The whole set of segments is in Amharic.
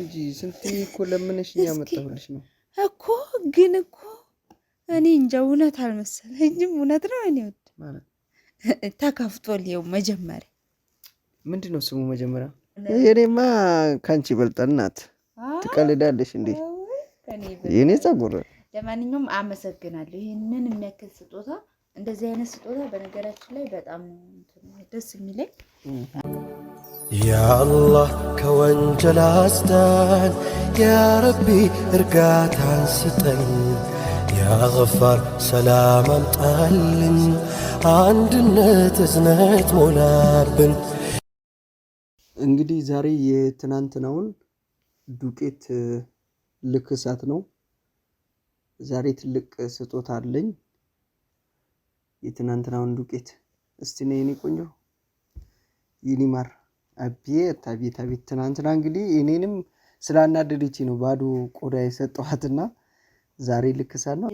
እንጂ ስንት እኮ ለምንሽኝ ያመጣሁልሽ ነው እኮ። ግን እኮ እኔ እንጃ እውነት አልመሰለኝም። እውነት ነው። እኔ ወድ ተከፍቶል። ይኸው መጀመሪያ ምንድን ነው ስሙ? መጀመሪያ የኔማ ከአንቺ ይበልጠናት። ትቀልዳለሽ እንዴ? የኔ ጸጉር። ለማንኛውም አመሰግናለሁ ይህንን የሚያክል ስጦታ። እንደዚህ አይነት ስጦታ በነገራችን ላይ በጣም ደስ የሚለኝ ያአላህ ከወንጀል አስዳን፣ ያረቢ እርጋታን ስጠን፣ ያገፋር ሰላም አምጣልን፣ አንድነት እዝነት ሞላብን። እንግዲህ ዛሬ የትናንትናውን ዱቄት ልክሳት ነው። ዛሬ ትልቅ ስጦታ አለኝ። የትናንትናውን ዱቄት እስቲ ነው የኔ ቆንጆ ይኒማር አቤት አቤት አቤት! ትናንትና እንግዲህ እኔንም ስላናደደች ነው ባዶ ቆዳ የሰጠኋትና ዛሬ ልክሳል ነው።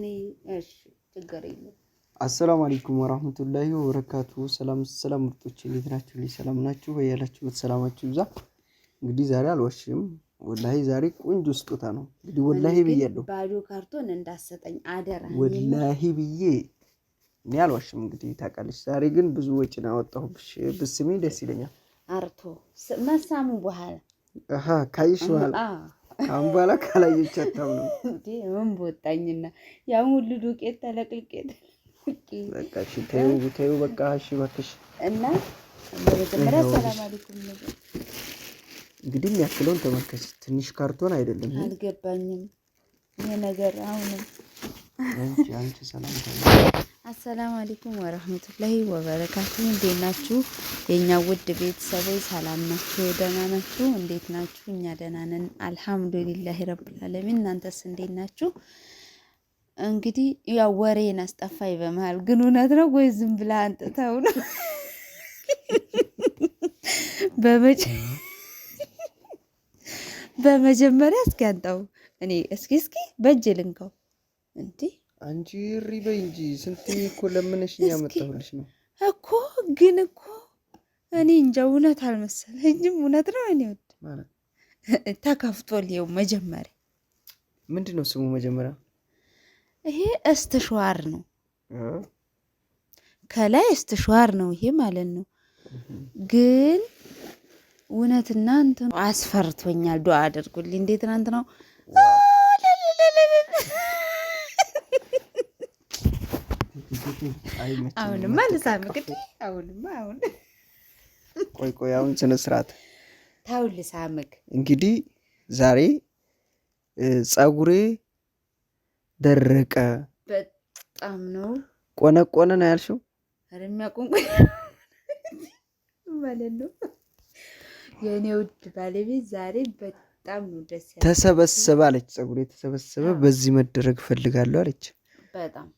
አሰላሙ አለይኩም ወራህመቱላሂ ወበረካቱ። ሰላም ሰላም፣ ምርጦች እንዴት ናችሁ? ላይ ሰላም ናችሁ? ያላችሁበት ሰላማችሁ ይብዛ። እንግዲህ ዛሬ አልዋሽም፣ ወላሂ ዛሬ ቆንጆ ስጦታ ነው። እንግዲህ ወላሂ ብያለሁ፣ ባዶ ካርቶን እንዳሰጠኝ አደራ፣ ወላሂ ብዬ እኔ አልዋሽም። እንግዲህ ታውቃለች። ዛሬ ግን ብዙ ወጪ ነው ያወጣሁብሽ፣ ብስሜ ደስ ይለኛል አርቶ መሳሙ በኋላ ካይሽ በኋላ አሁን በኋላ ካላየቻታም ነው እንዴ? ምን በወጣኝና ያን ሁሉ ዱቄት ተለቅልቄት በቃ እሺ፣ ተይው ተይው፣ በቃ እሺ፣ እባክሽ እና መጀመሪያ ሰላም አለይኩም ነገር እንግዲህ የሚያክለውን ተመልከች። ትንሽ ካርቶን አይደለም። አልገባኝም ይሄ ነገር አሁንም አንቺ አንቺ ሰላም አሰላም አለይኩም ወረህመቱላሂ ወበረካቱ። እንዴት ናችሁ የእኛ ውድ ቤተሰቦች? ሰላም ናችሁ? ደህና ናችሁ? እንዴት ናችሁ? እኛ ደህና ነን አልሐምዱሊላሂ ረብል እናንተስ እንዴት ናችሁ? እንግዲህ ያው ወሬን አስጠፋኝ በመሀል ግን እውነት ነው ወይ ዝም ብላ አንጥተው ነው? በመጀመሪያ እስኪ አንጣው እኔ እስኪ እስኪ በእጅ ልንከው እንዲህ አንቺ እሪ በይ እንጂ ስንት እኮ ለምነሽኝ ያመጣሁልሽ ነው እኮ። ግን እኮ እኔ እንጃ እውነት አልመሰለኝም። እውነት ነው። እኔ ወድ ተከፍቶል። ይኸው መጀመሪያ ምንድን ነው ስሙ? መጀመሪያ ይሄ እስትሸዋር ነው፣ ከላይ እስትሸዋር ነው ይሄ ማለት ነው። ግን እውነትና እንትን አስፈርቶኛል። ዱዐ አድርጉልኝ። እንዴት ትናንት ነው አሁንማ ልሳም እንግዲህ አሁንማ አሁን ቆይ ቆይ አሁን ስነ ስርዓት ታው ልሳምግ እንግዲህ ዛሬ ጸጉሬ ደረቀ። በጣም ነው ቆነቆነ ነው ያልሽው። ኧረ ማለት ነው የእኔ ውድ ባለቤት ዛሬ በጣም ነው ደስ ያለ። ተሰበሰበ አለች፣ ጸጉሬ ተሰበሰበ። በዚህ መደረግ እፈልጋለሁ አለች በጣም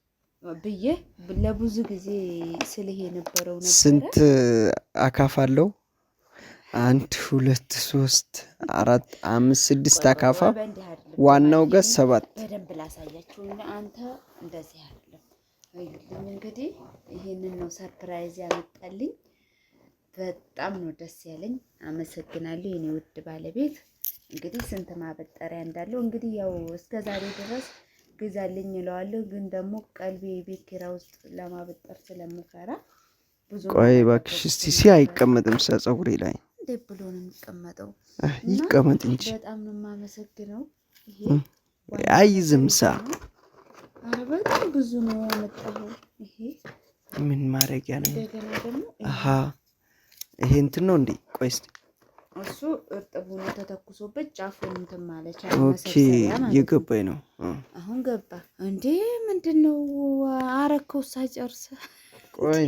ብዬ ለብዙ ጊዜ ስልህ የነበረው ነበር። ስንት አካፍ አለው? አንድ ሁለት ሶስት አራት አምስት ስድስት አካፋ፣ ዋናው ገጽ ሰባት በደንብ ላሳያችሁ። አንተ እንደዚህ አይደለም እንግዲህ ይህንን ነው ሰርፕራይዝ ያመጣልኝ። በጣም ነው ደስ ያለኝ። አመሰግናለሁ የኔ ውድ ባለቤት። እንግዲህ ስንት ማበጠሪያ እንዳለው እንግዲህ ያው እስከ ዛሬ ድረስ ግዛልኝ እለዋለሁ። ግን ደግሞ ቀልቤ የቤት ኪራይ ውስጥ ለማበጠር ስለምፈራ ቆይ እባክሽ እስቲ ሲ አይቀመጥም ሳ ጸጉሬ ላይ እንዴ ብሎ ነው የሚቀመጠው? ይቀመጥ እንጂ በጣም ነው የማመሰግነው። ይሄ አይ ዝም ሳ በጣም ብዙ ነው ያመጣው። ይሄ ምን ማድረጊያ ነው? እንደገና ይሄ እንትን ነው እንዴ? ቆይ እስቲ እሱ እርጥብ ሆኖ ተተኩሶበት ጫፉ እንትን ማለቻ እየገባኝ ነው። አሁን ገባ እንዴ? ምንድን ነው አረከው? ሳጨርስ ቆይ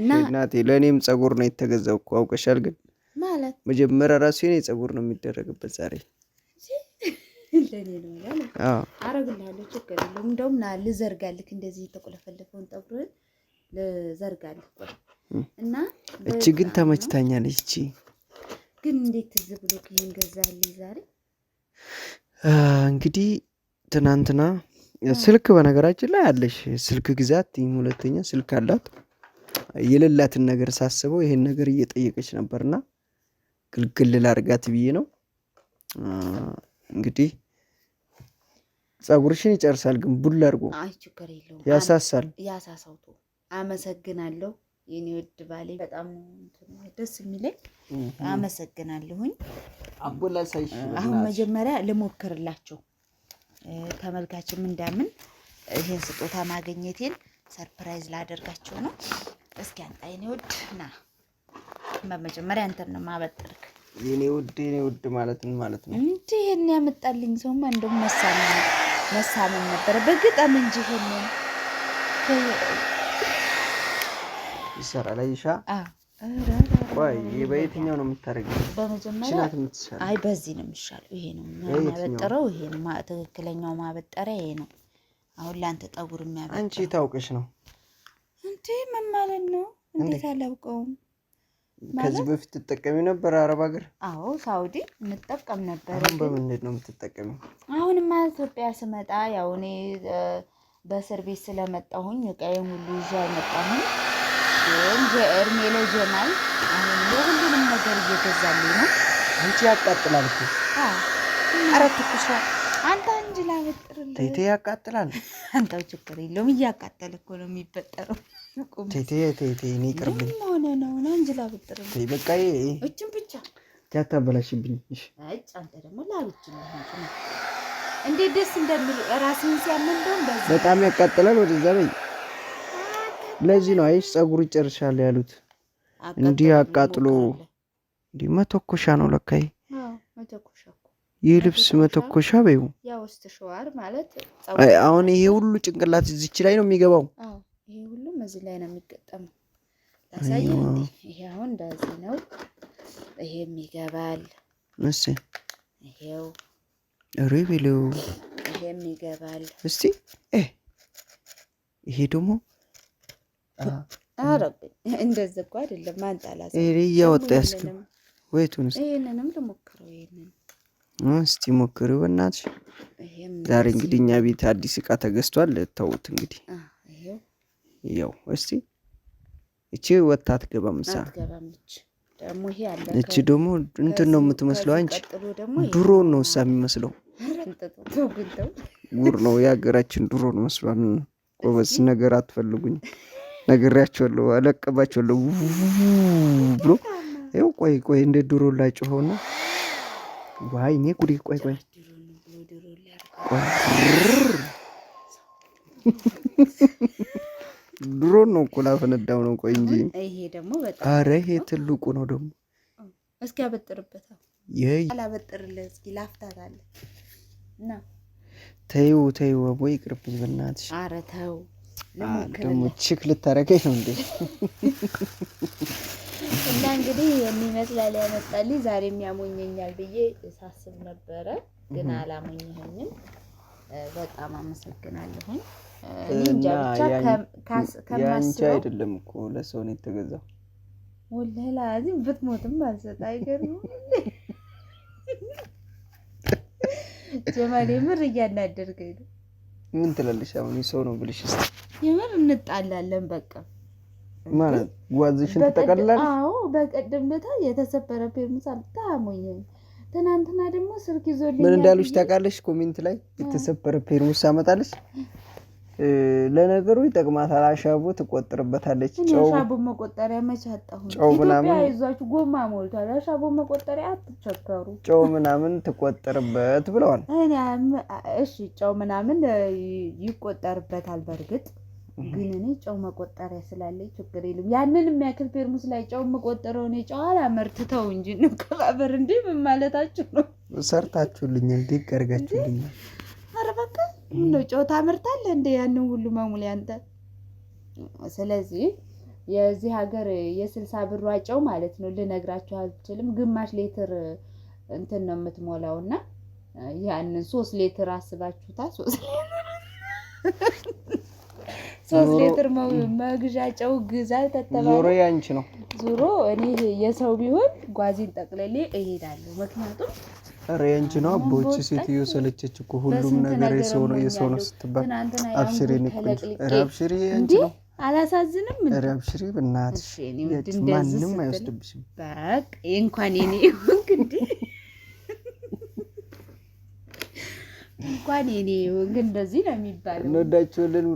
እናቴ ለእኔም ጸጉር ነው የተገዛው እኮ አውቀሻል። ግን ማለት መጀመሪያ ራሱ የኔ ጸጉር ነው የሚደረግበት ዛሬ አረግልሃለሁ፣ ችግር የለውም። እንደውም ና ልዘርጋልክ፣ እንደዚህ የተቆለፈለፈውን ጠጉርህን ልዘርጋልክ እና እቺ ግን ተመችታኛለች እቺ ግን እንዴት ትዝ ብሎ ይህን ገዛልኝ ዛሬ? እንግዲህ ትናንትና ስልክ በነገራችን ላይ አለሽ ስልክ ግዛት ይህም ሁለተኛ ስልክ አላት የሌላትን ነገር ሳስበው ይሄን ነገር እየጠየቀች ነበርና ግልግል ላርጋት ብዬ ነው። እንግዲህ ጸጉርሽን ይጨርሳል፣ ግን ቡል አድርጎ ያሳሳል። ያሳሳውቶ አመሰግናለሁ። የኔ ውድ ባሌ በጣም ደስ የሚለኝ አመሰግናለሁኝ። አሁን መጀመሪያ ልሞክርላቸው ተመልካችም እንዳምን ይህን ስጦታ ማግኘቴን ሰርፕራይዝ ላደርጋቸው ነው። እስኪ አንጣ የኔ ውድ ና፣ በመጀመሪያ አንተን ነው ማበጠርክ። የኔ ውድ የኔ ውድ ማለትን ማለት ነው እንጂ ይህን ያመጣልኝ ሰውማ እንደውም መሳመን ነበረ በግጠም እንጂ ይህንን ይሰራል። አይሻ ቆይ በየትኛው ነው የምታደርገው? በመጀመሪያ አይ በዚህ ነው የሚሻለው። ይሄ ነው ማበጠረው። ይሄ ነው ትክክለኛው ማበጠሪያ ይሄ ነው። አሁን ለአንተ ጠጉር የሚያበጥረው አንቺ ታውቅሽ ነው እንዴ? ምን ማለት ነው? እንዴት አላውቀውም። ከዚህ በፊት ትጠቀሚ ነበር አረብ ሀገር? አዎ ሳውዲ እንጠቀም ነበር። አሁን በምንድን ነው የምትጠቀሚው? አሁንማ ኢትዮጵያ ስመጣ ያው እኔ በእስር ቤት ስለመጣሁኝ እቃዬን ሁሉ ይዤ አልመጣሁም። እንደ እርሜሎ ጀማል አሁን የሁሉንም ነገር እየገዛልኝ ነው። አንቺ ያቃጥላል እኮ ኧረ ትኩሷ አንተ እንጂ ላበጥርልህ ቴቴ ያቃጥላል። አንተው ችግር የለውም እያቃጠለ እኮ ነው የሚበጠረው። ቴቴ ቴቴ እኔ ይቅርብኝ ሆነ ነው ነው እንጂ ላበጥርልህ በቃ እችን ብቻ ያታበላሽብኝ። እሺ አንተ ደግሞ ላብች ነው እንዴት ደስ እንደሚል ራስህን ሲያመን እንደውም በጣም ያቃጥላል። ወደዛ በይ ለዚህ ነው አይሽ ጸጉር ይጨርሻል ያሉት። እንዲህ አቃጥሎ እንዲህ መተኮሻ ነው ለካይ ይህ ልብስ መተኮሻ በይው። አሁን ይሄ ሁሉ ጭንቅላት እዚች ላይ ነው የሚገባው። ይሄ ሁሉም እዚህ ላይ ነው የሚገጠመው። ይሄ አሁን እንደዚህ ነው። ይሄም ይገባል። ይሄው ሪቪሉ ይሄም ይገባል። እስቲ ይሄ ደግሞ አረብኝ እንደዚህ እኮ አይደለም። ማንጣላ እያወጣ ያስክ ወይቱን ይህንንም ልሞክረው። ይህንን እስቲ ሞክሪው በእናትሽ። ዛሬ እንግዲህ እኛ ቤት አዲስ እቃ ተገዝቷል። ተውት እንግዲህ ያው እስቲ እቺ ወታ አትገባም ሳ እቺ ደግሞ እንትን ነው የምትመስለው። አንቺ ድሮ ነው እሳ የሚመስለው ጉር ነው የሀገራችን ድሮ ነው መስሏን። ጎበዝ ነገር አትፈልጉኝ ነግሬያቸዋለሁ፣ አለቅባቸዋለሁ ብሎ ይኸው። ቆይ ቆይ እንደ ዶሮ ላጭ ሆነ። ዋይ እኔ ጉዴ! ቆይ ቆይ ድሮ ነው እኮ ላፈነዳው ነው። ቆይ እንጂ አረ ይሄ ትልቁ ነው ደግሞ እስኪ አበጥርበት። አላበጥርልህ ተይው ተይው፣ አቦ ይቅርብኝ በእናትሽ። ኧረ ተው ደግሞ ችክ ልታረገኝ ነው እንዴ? እና እንግዲህ የሚመስላል ያመጣልኝ ዛሬ የሚያሞኘኛል ብዬ ሳስብ ነበረ፣ ግን አላሞኘኝም። በጣም አመሰግናለሁኝ። ያንቺ አይደለም እኮ ለሰው ነው የተገዛው። ወላሂ ላዚም ብትሞትም አልሰጥ አይገርም። ጀማሌ ምር እያናደርገኝ ነው ምን ትላለሽ? አሁን ሰው ነው ብልሽ እስኪ የምር እንጣላለን። በቃ ማለት ጓዝሽን ትጠቀልላለሽ? አዎ። በቀደም ለታ የተሰበረ ፔምሳ ታሞኝ ትናንትና ደግሞ ስልክ ይዞልኝ ምን እንዳሉሽ ታውቃለሽ? ኮሜንት ላይ የተሰበረ ፔርሙስ አመጣለሽ ለነገሩ ይጠቅማታል። አሻቦ ትቆጥርበታለች። አሻቦ መቆጠሪያ መች አጣሁ። ጨው ምናምን ይዟችሁ ጎማ ሞልቷል። አሻቦ መቆጠሪያ አትቸከሩ። ጨው ምናምን ትቆጠርበት ብለዋል። እሺ ጨው ምናምን ይቆጠርበታል። በእርግጥ ግን እኔ ጨው መቆጠሪያ ስላለ ችግር የለም። ያንን የሚያክል ፌርሙስ ላይ ጨው የምቆጠረው እኔ ጨው አላመርትተው እንጂ እንቀባበር እንዲህ ምን ማለታችሁ ነው? ሰርታችሁልኛል፣ ዲግ አድርጋችሁልኛል። ኧረ በቃ እንደ ጮታ ምርታለ እንደ ያንን ሁሉ መሙል ያንተ። ስለዚህ የዚህ ሀገር የስልሳ ብር ዋጨው ማለት ነው ልነግራችሁ አልችልም። ግማሽ ሌትር እንትን ነው የምትሞላው እና ያንን ሶስት ሌትር አስባችሁታ ሶስት ሶስት ሌትር መግዣጨው ግዛ ተተባለ። ዞሮ ያንቺ ነው። ዞሮ እኔ የሰው ቢሆን ጓዜን ጠቅለሌ እሄዳለሁ ምክንያቱም ኧረ ያንቺ ነው አቦች ይቺ ሴትዮ ሰለቸች እኮ ሁሉም ነገር የሰው ነው የሰው ነው ስትባል፣ አብሽሪ ንቁኝ። ኧረ አብሽሪ ያንቺ ነው አላሳዝንም። ኧረ አብሽሪ በእናትሽ ማንም አይወስድብሽም። በቃ እንኳን የኔ ይሁንክ እንዲ እንኳን የኔ ይሁንክ እንደዚህ ነው የሚባለው። እንወዳችኋለን።